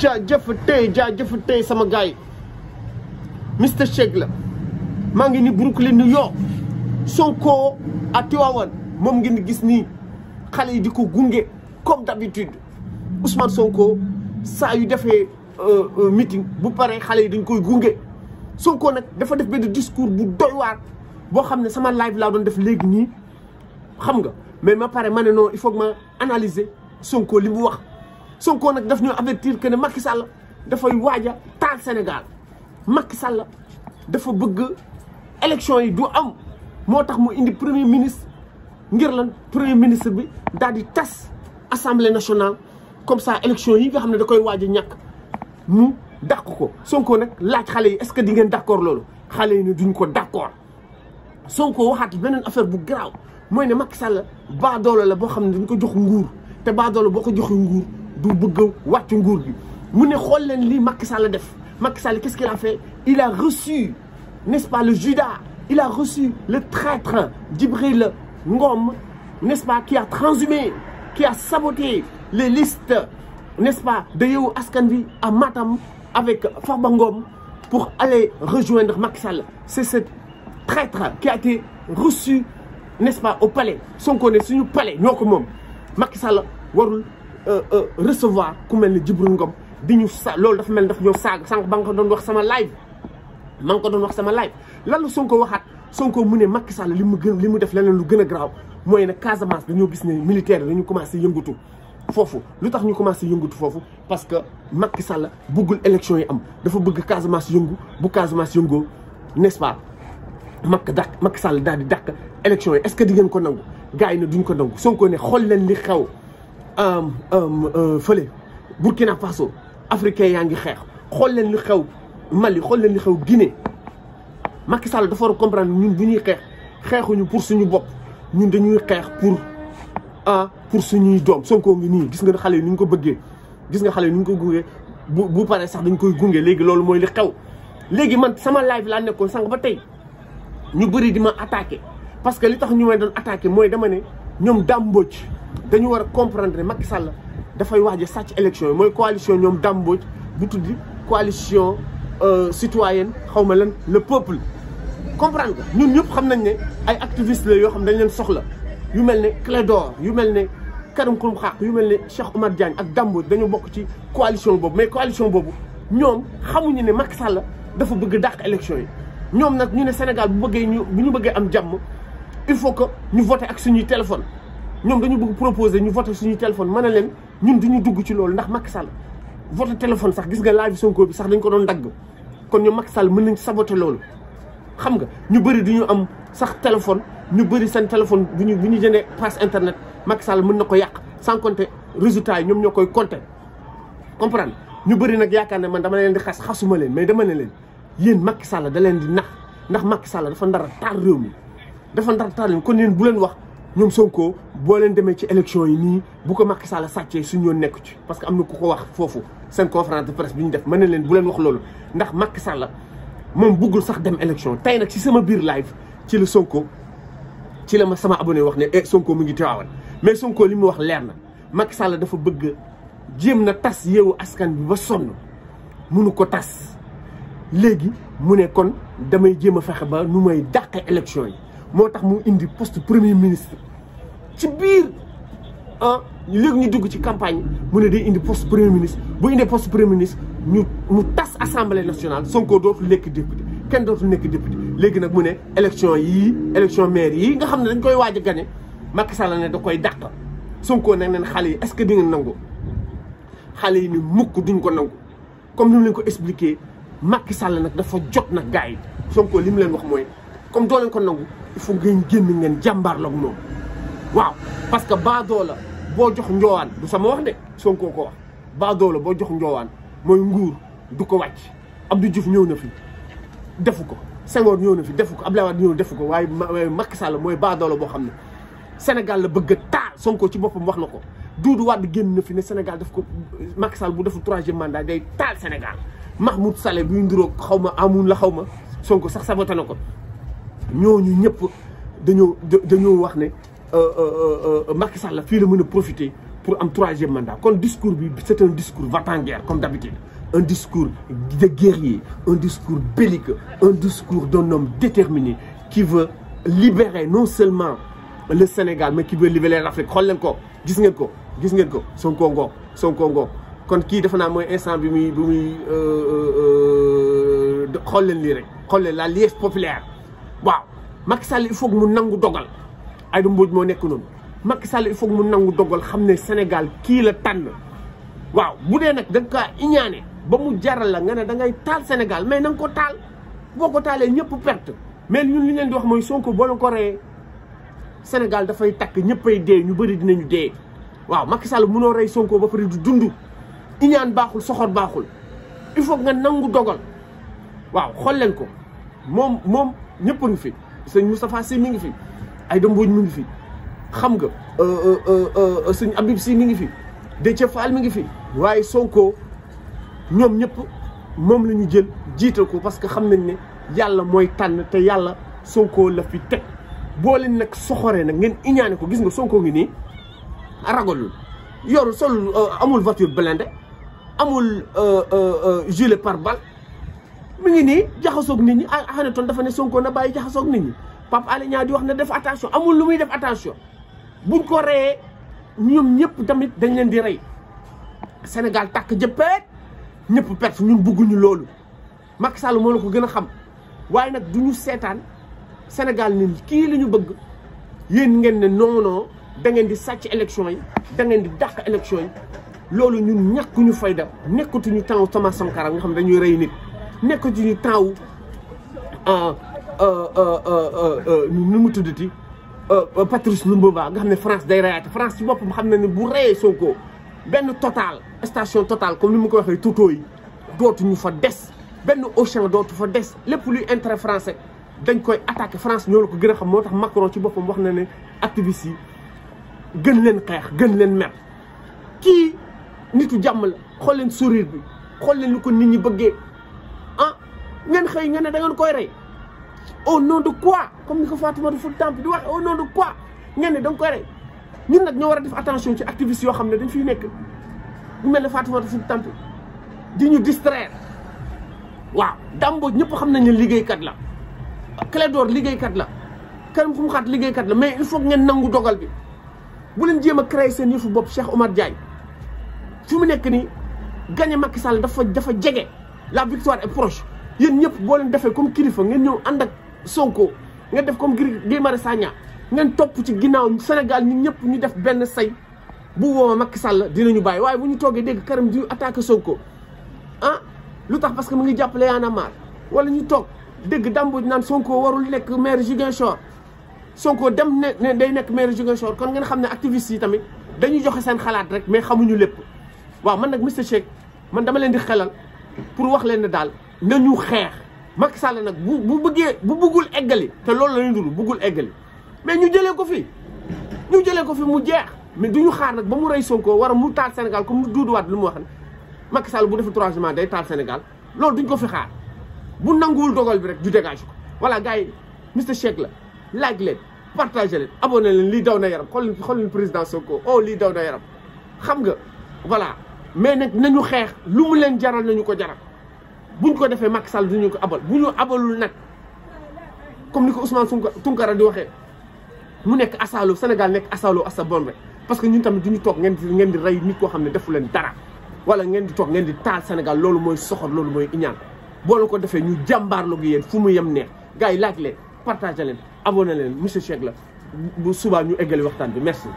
Dja, djefe te, dja, djefe te, sa ma gayi. Mr. Chegle, man geni Brooklyn, New York. Sonko, a Tewawan, mom geni gis ni, kale yi di kou gungi, kom dabitid. Ousman Sonko, sa euh, euh, yi defe meeting, bou pare, kale yi di kou gungi. Sonko nek, defe defbe de diskour bou doy wak. Bo khamne, sa ma live la wan defle gini. Khamge, men ma pare, man non, eno, ifo gman analize, Sonko, li mou wak. Sonko nak daf ñu avertir que ne Macky Sall da fay a taal Sénégal Macky Sall fa bëgg élection yi du am moo mu indi premier ministre ngir lan premier ministre bi daal di tass assemblée nationale comme ça élection yi nga xamne da koy waaj a mu dakk ko Sonko nak laaj xalé yi est-ce que di ngeen d'accord lolu xalé yi ne duñ ko d'accord Sonko waxat benen affaire bu garaaw moy ne Macky Sall baadoolo la bo xamne duñ ko jox nguur te ba boo ko joxe nguur du bëgg wàccu bi mu qu'est-ce qu'il a fait il a reçu n'est-ce pas le Judas il a reçu le traître d'Ibril Ngom n'est-ce pas qui a transhumé qui a saboté les listes n'est-ce pas de You Askanvi à Matam avec fabangom pour aller rejoindre maxal c'est ce traître qui a été reçu n'est-ce pas au palais Son ne nous palais nous ko warul euh, euh, recevoir comment le Djibril Ngom diñu lolou dafa mel ñoo sag sank live man ko doon wax sama live lan la Sonko waxat Sonko mune Macky Sall Limu gën limu def lu gëna a moy ne Casamance dañoo gis ne militaire dañu commencé yëngutu fofu lutax ñu commencé yëngutu fofu parce que Macky Sall bëggul élection yi am dafa bëgg Casamance yëngu bu n'est-ce pas Sall daal di élection est-ce que di ko ne duñ ko nangu Sonko ne Euh, fële Burkina Faso africain yaa ngi xeex xool leen li xew Mali xool leen li xew Guinée Macky Sall dafa war a comprendre ñun bu ñuy xeex xeexuñu pour suñu bopp ñun dañuy xeex pour ah pour suñuy doom soo Sonko ngi nii gis nga xale yi ni ñu ko bëggee gis nga xale yi ni ñu ko gunge bu bu paree sax dañ koy gunge léegi loolu mooy li xew léegi man sama live laa nekkoon sànq ba tey ñu bëri di ma attaqué parce que li tax ñu may doon attaqué mooy dama ne ñoom Dame dañu war comprendre Macky Sall da fay a sàcc élection moy coalition ñom dàmbooj bu tuddi coalition euh citoyenne xawma lan le peuple comprendre nga ñun ñep xamnañ né ay activistes la yoo xam dañ leen soxla yu mel Clédor yu mel Karim Xrum Xax yu mel Cheikh Oumar Diagne ak Dàmbooj dañu bok ci coalition bobu mais coalition bobu ñom xamuñu né Macky Sall dafa bëgg dàq élection yi ñom nak ñu né Sénégal bu bëggee ñu bu ñu bëggee am jamm il faut que ñu voter ak suñu téléphone ñoom dañu bëgg proposé ñu voté suñuy téléphone mën a leen ñun du ñu dugg ci loolu ndax Macky Sall voté téléphone sax gis nga live Sonko bi sax dañ ko doon dagg kon ñoom Macky Sall mën nañ saboté loolu xam nga ñu bëri du ñu am sax téléphone ñu bëri seen téléphone bu ñu bu ñu jëndee passe internet Macky Sall mën na ko yàq sans compter résultat yi ñoom ñoo koy compter comprendre ñu bëri nag yaakaar ne man dama leen di xas xasuma leen mais dama ne leen yéen Macky Sall da leen di nax ndax Macky Sall dafa ndara taal réew mi dafa ndara taal réew mi kon yéen bu leen wax ñoom Sonko boo leen demee ci élection yi nii bu ko Macky Sall sàccee suñu yoon nekku ci parce que am na ku ko wax foofu seen conférence de presse bi ñu def mën na leen bu leen wax loolu ndax Macky Sall moom buggul sax dem élection tey nag ci sama biir live ci la Sonko ci la ma sama abonné wax ne eh Sonko mu ngi tiwaawan mais Sonko li mu wax leer na makk Sall dafa bëgg jéem na tas yeewu askan bi ba sonn munu ko tas léegi mu ne kon damay jéem a fexe ba nu may dàqe élection yi moo tax mu indi poste premier ministre ci biir ah léegi ñu dugg ci campagne mu ne day indi poste premier ministre bu indee poste premier ministre ñu mu tas assemblée nationale Sonko dootul lekk député kenn dootul nekk député léegi nag mu ne élection yii élection maire yii nga xam ne dañ koy waaj a gagné Macky Sall ne da koy dàq Sonko nag neen xale yi est-ce que di ngeen nangu xale yi ni mukk duñ ko nangu comme ni mu leen ko expliqué Macky Sall nag dafa jot nag gars yi Sonko li mu leen wax mooy. comme doo leen ko nangu il faut ngeen génn ngeen waaw parce que baadoo la boo jox njowaan du sama wax de sonkoo ko wax baadoo la boo jox njowaan mooy nguur du ko wàcc Abdou Diouf ñëw na fi defu ko Senghor ñëw na fi defu ko Abdoulaye Wade ñëw defu ko waaye waaye Macky Sall mooy baadoo la boo xam ne Sénégal la bëgg a taal Sonko ci boppam wax na ko Doudou Wade génn na fi ne Sénégal def ko Macky Sall bu defu troisième mandat day taal Sénégal Mahmoud Saleh bu nduróog xaw ma amun la xaw ma Sonko sax saboté na ñooñu ñëpp dañoo dañoo wax ne euh, euh, euh, Macky Sall la fii la profiter pour am troisième mandat kon discours bi c'est un discours va en guerre comme d'habitude un discours de guerrier un discours belliqueux un discours d'un homme déterminé qui veut libérer non seulement le Sénégal mais qui veut libérer l'Afrique xool leen ko gis ngeen ko gis ngeen ko Sonko ngoo Sonko ngoo kon kii defe naa mooy instant bi muy bi muy xool leen lii rek xool la liesse populaire waaw Macky Sall foog faut mu nangu dogal Aïda Mbodj moo nekk noonu Macky Sall foog faut mu nangu dogal xam ne Sénégal kii la tànn waaw bu dee nag da nga kaa ba mu jaral la nga ne da taal Sénégal mais na ko taal boo ko taalee ñëpp perte mais ñun li leen di wax mooy Sonko boo leen ko reyee Sénégal dafay takk ñëppay dee ñu bëri dinañu dee waaw Macky Sall mënoo rey Sonko ba pare du dund iñaan baaxul soxor baaxul il foog nga nangu dogal waaw xool leen ko. moom moom ñëpp ngi fi sëñ Moustapha Sy mi ngi fi ay Mbodj mu ngi fi xam nga euh, euh, euh, sëñ Habib si mi ngi fi Déthié Fall mi ngi fi waaye Sonko ñoom ñëpp moom la ñu jël jiital ko parce que xam nañ ne yàlla mooy tànn te yàlla Sonko la fi teg boo leen nag soxoree nag ngeen iñaane ko gis nga Sonko ngi nii ragalul yorul sol amul voiture blindée amul gilet pare-balles mi ngi nii jaxasoog nit ñi Akhenaton dafa ne Sonko na bàyyi jaxasoog nit ñi Pape Alé Niang di wax ne def attention amul lu muy def attention buñ ko reyee ñoom ñëpp tamit dañ leen di rey Sénégal tàkk jëppeet ñëpp perte ñun bugguñu loolu Macky Sall moo la ko gën a xam waaye nag du ñu seetaan Sénégal ni kii li ñu bëgg yéen ngeen ne non non da ngeen di sàcc élection yi da ngeen di dàq élection yi loolu ñun ñàkkuñu fayda nekkatuñu temps Thomas Sankara nga xam dañuy rey ni taw euh euh euh, euh euh euh nu mu tuddati Patrice Lumumba nga xamné France day rayate France ci bopum xamné ni bu reyee Sonko benn total station total comme ni mu ko waxee toto yi ñu fa dess benn Auchan dootu fa dess lepp luy intérêt français dañ koy attaquer France ñoo la ko gën xam motax Macron ci bopum wax na ne activistes yi gën leen xex gën leen mer kii nitu jamm la xol leen sourire bi xol leen lu ko nit ñi bëggee ngeen xey ngeen da ngeen koy ray au nom de quoi comme ni ko Fatima Fouta Tampi di wax au nom de quoi ngeen ne da nga koy ray ñun nak ño wara def attention ci activiste yo xamne dañ fi nekk bu mel fatima du Fouta Tampi di ñu distraire waaw Dambo ñepp xam nañ liggey kat la Clédor kat la kërëm fu mu xat liggey kat la mais il faut ngeen nangu dogal bi bu len jema créer sen yëfu bopp Cheikh Omar Diagne fu mu nekk ni gagné Macky Sall dafa dafa jege la victoire est proche. yéen ñëpp boo leen defee comme kilifa ngeen ñëw ànd ak Sonko ngeen def comme Guy Marius Sagna ngeen topp ci ginnaaw Sénégal ñun ñëpp ñu def benn say bu wooma Macky Sall ñu bàyyi waaye bu ñu toogee dégg Karim di attaqué Sonko ah lu tax parce que mu ngi jàppale Y'en a marre wala ñu toog dégg Dambou naan Sonko warul nekk maire Ziguinchor Sonko dem ne day nekk maire Ziguinchor kon ngeen xam ne activistes yi tamit dañuy joxe seen xalaat rek mais xamuñu lépp waaw man nag Mister Shake man dama leen di xelal pour wax leen ne daal. ñu xeex Macky Sall nag bu bu bëggee bu bëggul eggali te loolu la ñu dul bëggul eggali mais ñu jëlee ko fi ñu jëlee ko fi mu jeex mais du ñu xaar nag ba mu rey Sonko wara mu taal Sénégal comme mu duuduwaat lu mu wax ne Macky Sall bu defu troisièmement day taal Sénégal loolu duñ ko fi xaar bu nanguwul dogal bi rek du dégage ko voilà gars yi Mister Shake la like leen partagé leen abonné leen lii daw na yaram xool xool leen président Sonko oh lii daw na yaram xam nga voilà mais nag nañu xeex lu leen jaral nañu ko jaral bu buñ ko defee Macky Sall duñu ko abal bu ñu abalul nag comme ni ko Ousmane Tunkara di waxee mu nekk asaaloo Sénégal nekk asaaloo asa bon rek parce que ñun tamit duñu toog ngeen di ngeen di rey nit koo xam ne defu leen dara wala ngeen di toog ngeen di taal Sénégal loolu mooy soxor loolu mooy iñaan boo ko defee ñu jàmbaarloo gi yéen fu mu yem neex gars yi laaj leen partagé leen abonné leen monsieur Cheikh la bu subaa ñu eggale waxtaan bi merci